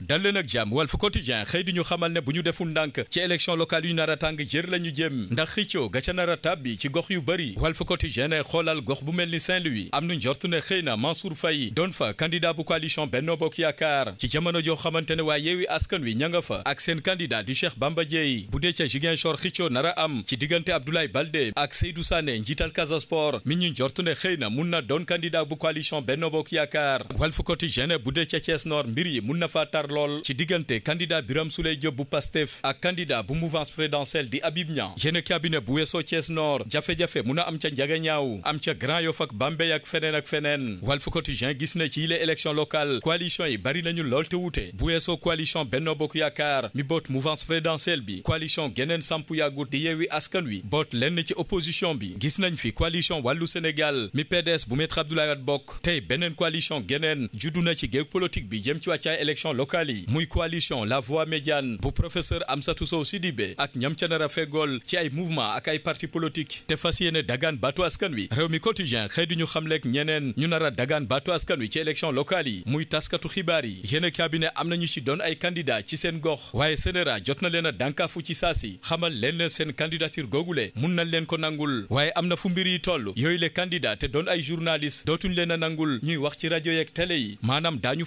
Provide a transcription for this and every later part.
dal leen ak jàmm Walf Quotidien xëy di ñu xamal ne bu ñu deful ndànk ci élection locale yu nar tàng jër la ñu jëm ndax xicco ga ca nar a tàbbi ci gox yu bëri Walf Quotidien ne xoolal gox bu mel ni Saint-Louis am nu njort ne xëy na Mansour Faye doon fa candidat bu coalition Benno Bokk Yaakaar ci jamono joo xamante ne waa Yewwi Askan Wi ña nga fa ak seen candidat di Cheikh Bamba Dièye bu dee ca Ziguinchor xicco nar a am ci diggante Abdoulaye Baldé ak Seydou Sané njiital Casa Sport mi ñu njort xëy na mun na doon candidat bu coalition Benno Bokk Yaakaar Walf Quotidien ne bu dee ca Thiès Nord mbir yi mun na fa jàkkaarlool ci diggante candidat Birame Souleye Diop bu Pastef ak candidat bu mouvance présidentielle di Habib Niang yéen cabinet bu weesoo Thiès Nord jafe-jafe mun a am ca njagañaaw am ca Grand Yoff ak Bambey ak feneen ak feneen Walf Quotidien gis nañ ci yile élection locale coalition yi bari nañu lool te wute bu weesoo coalition Benno Bokk Yaakaar mi boot mouvance présidentielle bi coalition geneen samp yàggut di yeewi askan wi boot lenn ci opposition bi gis nañ fi coalition wàllu Sénégal mi PDS bu Maître Abdoulaye Wade bokk tey beneen coalition geneen juddu na ci géeg bi jëm ci wàccaay élection locales yi muy coalition la voix médiane bu professeur Amsatou Sow Sidibé ak ñam ca nar a feggool ci ay mouvement ak ay parti politique te fas yéene dagaan baatu askan wi réew mi quotidien xëy duñu xamleek ñeneen ñu nar a dagaan baatu askan wi ci élection locale yi muy taskatu xibaar yi yéen cabinet am nañu ci doon ay candidat ci seen gox waaye sénéra jot na leen a dànkaafu ci saasi xamal leen leen seen candidature googule mun nañ leen ko nangul waaye am na fu mbir yi yooyu le candidat te doon ay journaliste dootuñ leen a nangul ñuy wax ci rajo yeeg télé yi maanaam daañu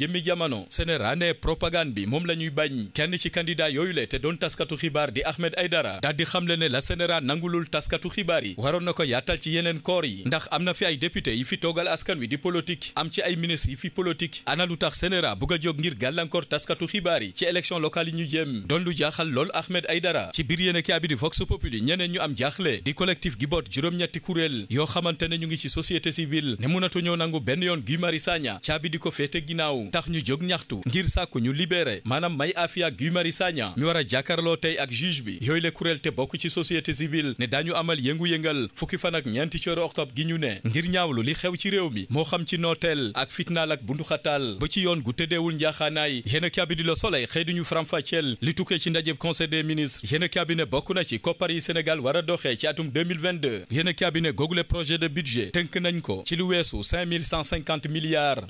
jëmmi jamono sénéra ne propagande bi moom la ñuy bañ kenn ci candidat yooyu le te doon taskatu xibaar di Ahmed Aidara daldi xamle ne la sénéra nangulul taskatu xibaar yi waroon na ko yaatal ci yeneen koor yi ndax am na fi ay député yi fi toogal askan wi di politique am ci ay ministre yi fi politique ana lu tax sénéra bugg a jóg ngir gàllankoor taskatu xibaar yi ci élection locale yi ñu jëm doon lu jaaxal lool Ahmed Aidara ci biir yéene kaa bi di Vox Populi ñu am jaaxle di collectif gi boot juróom-ñetti kuréel yoo xamante ne ñu ngi ci société civile ne mënatuñoo nangu benn yoon Guy Marius Sagna caabi ko féete ginnaaw tax ñu jóg ñaxtu ngir sàkku ñu libéré maanaam may afia Guy Marius Sagna mi war a jàkkaarloo tey ak juge bi yooyu la kuréel te bokk ci société civile ne daañu amal yëngu-yëngal fukki fan ak ñeenti cooru octobre gi ñu ne ngir lu li xew ci réew mi moo xam ci nooteel ak fitnaal ak bundu xataal ba ci yoon gu tëddeewul njaaxaanaay yéen a kaabi di la soleil xëy duñu faram-fàcceel li tukkee ci ndajeb conseil des ministres yéen a kaabi na ci koppar yi Sénégal war a a kaabi ne googule projet de budget tënk nañ ko ci lu weesu 5150 milliards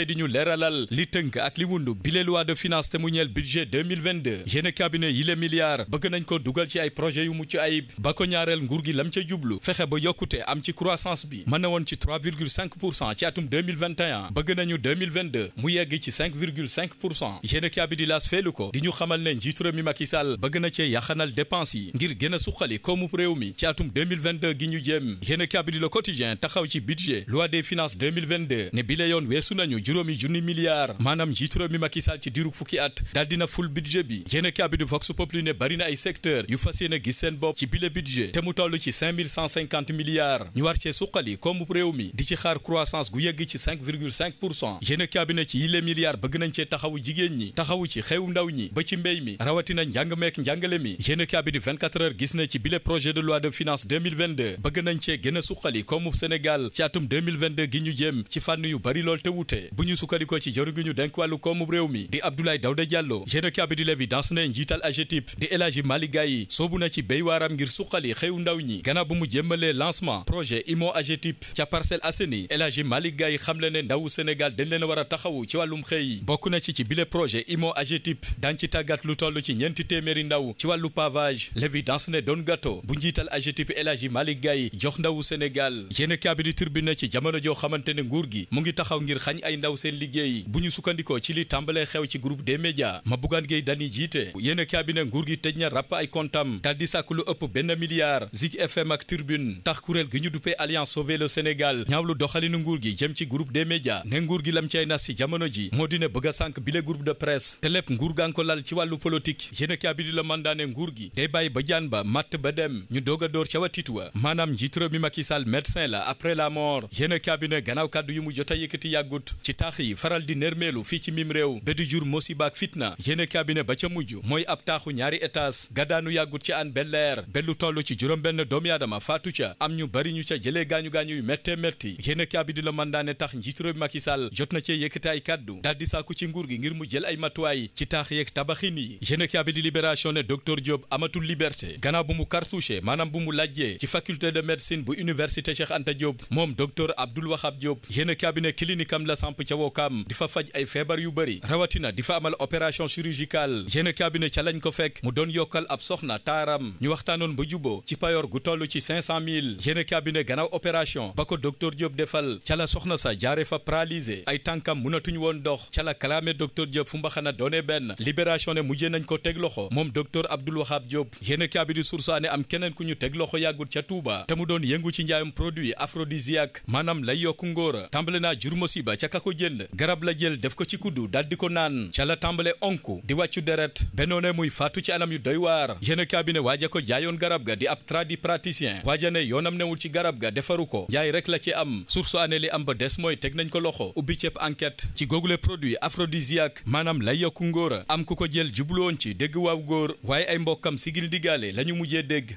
xëy di ñu leeralal li tënk ak li wundu bile loi de finance te mu ñeel budget 2022 cabinet yi le bëgg nañ ko dugal ci ay projet yu mucc ayib ba nguur gi lam ca jublu fexe ba yokkute am ci croissance bi mën na woon ci ci atum bëgg nañu mu yegg ci pour cent yéene cabinet las feelu ko di ñu xamal ne njiitu mi Macky bëgg na cee yaxanal dépense yi ngir gën a suqali koomu réew mi ci atum gi ñu jëm yéene cabinet le quotidien taxaw ci budget juróomi junni milliards maanaam njiitu réew mi Macky Sall ci diirug fukki at daal dina ful budget bi yéene kaa bi Vox Populi ne bari ay secteur yu fas yéene gis seen bopp ci bile budget te mu toll ci 5150 milliards ñu war cee suqali koomu réew mi di ci xaar croissance gu yegg ci 5,5 pour cent yéene kaa bi ne ci yile milliards bëgg nañ cee taxawu jigéen ñi taxawu ci xew ndaw ñi ba ci mi rawatina njàng meek njàngale mi yéene kaa bi di 24 heures gis na ci bile projet de loi a atum 2022 gi ñu jëm ci lool te bu ñu sukkandikoo ci jëriñu denk wàllu koomu réew mi di Abdoulaye Daouda Diallo yéenekaay bi di L'Évidence ne njiital AGETIP di El Hadji Malick Gaye soobu na ci béy waaram ngir suqali xëyu ndaw ñi gannaaw bu mu jëmmalee lancement projet IMO AGETIP ca Parcelles Assainies El Hadji Malick Gaye xamle ne ndaw senegal dañ leen a war a taxawu ci wàllum xëy bokk na ci ci bile projet IMO AGETIP daan ci tàggat lu toll ci ñeenti téeméeri ndaw ci wàllu pavage L'Évidence ne doon gâteau bu njiital AGETIP El mali Malick Gaye jox ndawu Sénégal yéenekaay bi di ci jamono joo xamante ne nguur gi mu ngi taxaw ngir ndaw seen liggéey bu ñu sukkandikoo ci li tàmbalee xew ci groupe des médias ma Bougane Gueye Dany jiite yéen cabinet nguur gi tëj na ràpp ay kontam dal di sàkk lu ëpp benn milliard Zik FM ak Tribune tax kuréel gi ñu duppee Alliance Sauver le Sénégal lu doxalinu nguur gi jëm ci groupe des média ne nguur gi lam cay nas jamono ji moo dina bëgg a sànk bile groupe de presse te lépp nguur gaa ngi ko lal ci wàllu politique yéen cabinet la mandaane nguur gi day bàyyi ba jaan ba matt ba dem ñu doog a door maanaam njiit réew mi Macky Sall médecin la après la mort mu jot a ci taax yi faral di nërmeelu fii ci mim réew ba di jur musiba ak fitna yéene cabinet ba ca mujj mooy ab taaxu ñaari étage gàddaanu yàggut ci an belleer bellu toll ci juróom-benn doomi aadama faatu ca am ñu bari ñu ca jëlee gaañu-gaañu yu méttee métti yéene cabinet la mandaane tax njiitu réew Macky Sall jot na cee yëkkate ay kàddu daal di sàkku ci nguur gi ngir mu jël ay matuwaay ci taax yeeg tabaxin yi yéene cabinet libération ne docteur Diop amatul liberté gannaaw bu mu cartouché maanaam bu mu lajjee ci faculté de médecine bu université Cheikh Anta Diop moom docteur Abdoul Wahab Diop yéene cabinet clinique jàpp ca wookaam di fa faj ay feebar yu bëri rawatina di fa amal opération chirurgicale yéene cabinet ca lañ ko fekk mu doon yokkal ab soxna taaram ñu waxtaanoon ba juboo ci payoor gu toll ci 500000 yéene cabinet gannaaw opération ba ko docteur Diop defal ca la soxna sa jaare fa paralysé ay tànkam munatuñ woon dox ca la kalaame docteur Diop fu mbaxana doone benn libération ne mujjee nañ ko teg loxo moom docteur Abdoul Wahab Diop yéene cabinet ne am keneen ku ñu ko jël garab la jël def ko ci kuddu daal di ko naan ca la tàmbale onku di wàccu deret benoone muy faatu ci anam yu doy waar yéen cabinet waaja ko jaayoon garab ga di ab tradipraticien waaja ne yoonam newul ci garab ga defaru ko njaay rek la ci am source année li am ba des mooy teg nañ ko loxo ubbi ceeb enquête ci googule produit aphrodisiaque maanaam lay yokku ngóora am ku ko jël jubluwoon ci dégg waaw góor waaye ay mbokkam sigil ndigaale la ñu mujjee dégg